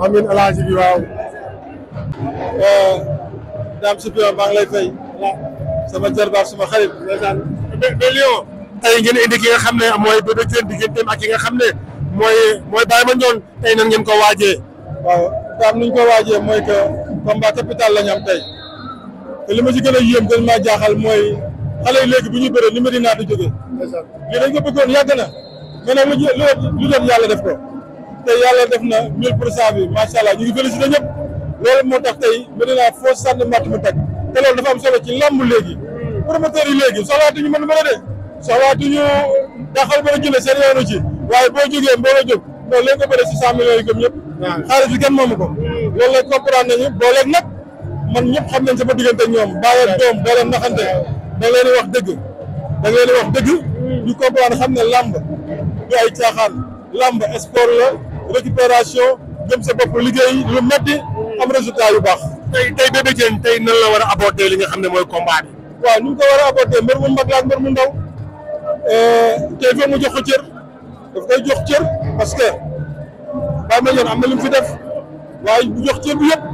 amiin alaaji bi waaw. Eh, daam suuf yow maa ngi lay fay. sama jarbaar suma xarit. ndeysaan mais Lion. tey ngeen indi ki nga xam ne mooy Bébé Diène digganteem ak ki nga xam ne mooy mooy Baye Mandione tey nan ngeen ko waajee. waaw daam nuñ ko waaje mooy que combat capital la ñu am tey te li ma ci gën a yéem gën maa jaaxal mooy xale yi léegi bu ñu bëree li ma di naata jógee. ndeysaan lii dañ ko bëggoon yàgg na mais nag def ko. te yàlla def na 1000 pour cent bi macha allah ñu ngi félicité ñëpp loolu moo tax tey Médina foo sànni matt mu teg te loolu dafa am solo ci làmb léegi promoteurs yi léegi soxlaatuñu mën mën a de soxlaatuñu daxal ba a jëlee ci waaye boo jógee mbooloo jóg non léegi ko bëri si cent millions yi gëm ñëpp xaalis bi kenn moomu ko loolu lay comprendre nañu booleeg nag man ñëpp xam nañ sama diggante ñoom bàyyeeg doom boo leen naxante da leen wax dëgg da leen wax dëgg hmm. ñu comprendre xam ne làmb du ay caaxaan làmb sport la récupération gëm sa bopp liggéey lu metti am résultat lu baax. tey tey Bébé Diène tey nan la war a li nga xam ne mooy combat bi. waaw ni mu ko war a aborder mbër mu mag la ak mu ndaw eh, tey mu jox ko cër daf koy jox cër parce que Baye Mandione am na lu mu fi def waaye bu jox cër bi yëpp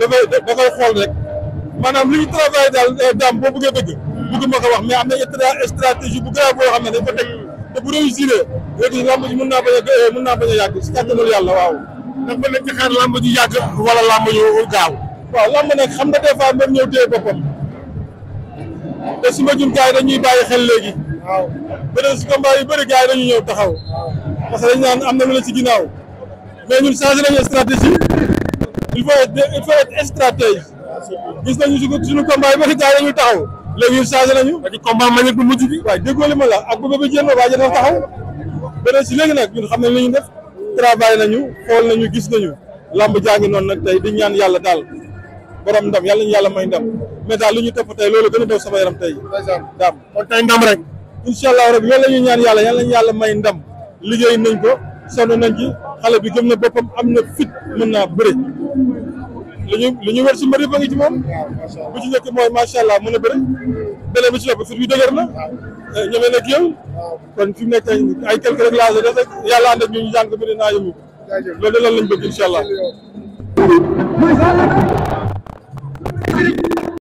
dafay da koy xool rek maanaam li ñu travail daal eh, daam boo bëggee dëgg bëgg ma ko wax mais am na stratégie bu grave boo xam ne dañ ko teg. te bu réussir nga gis làmb ji mën naa bañ a eh, mën naa bañ a yàgg si kàttanul yàlla waaw. ndax mën nañ ci xaar làmb ji yàgg wala làmb yu gaaw. waaw làmb nag xam nga des fois même ñëw téye boppam te su ma jum gars dañuy bàyyi xel léegi. waaw beneen su combat yu bëri gars yi ñëw taxaw. parce que dañ naan am na lu la ci ginnaaw. mais ñun changé nañu stratégie. il faut être il faut être stratège. gis nañu suñu suñu combat yu bëri gars dañuy taxaw. léegi ñun changé nañu. ba ma combat maññeeg bu mujj bi. waaye déggoo li ma la ak bu bébé jéem a waaye dafa taxaw beneen si léegi nag ñun xam nañ li ñu def travail nañu xool nañu gis nañu lamb jaa ngi noonu nag tey di ñaan yàlla daal borom ndam yàlla ñu yàlla may ndam mais lu li ñu topp tey loolu gën a daw sama yaram tey. daam tey ndam rek. incha allah rek loolu la ñuy ñaan yàlla yàlla ñu yàlla may ndam liggéey nañ ko sonn nañ ci xale bi gëm na boppam am na fit mën naa bëre li ñu li ñu wër si mbëri ba moom bu ci njëkk mooy macha allah mën a bëri bële bu ci topp fit bi dëgër na ñeme nekk yow kon fi mu nekk ay quelques réglages des rek yàlla ànd ak ñu ñu jàng bi dinaa yëngu loolu de loolu lañ bëgg incha allah.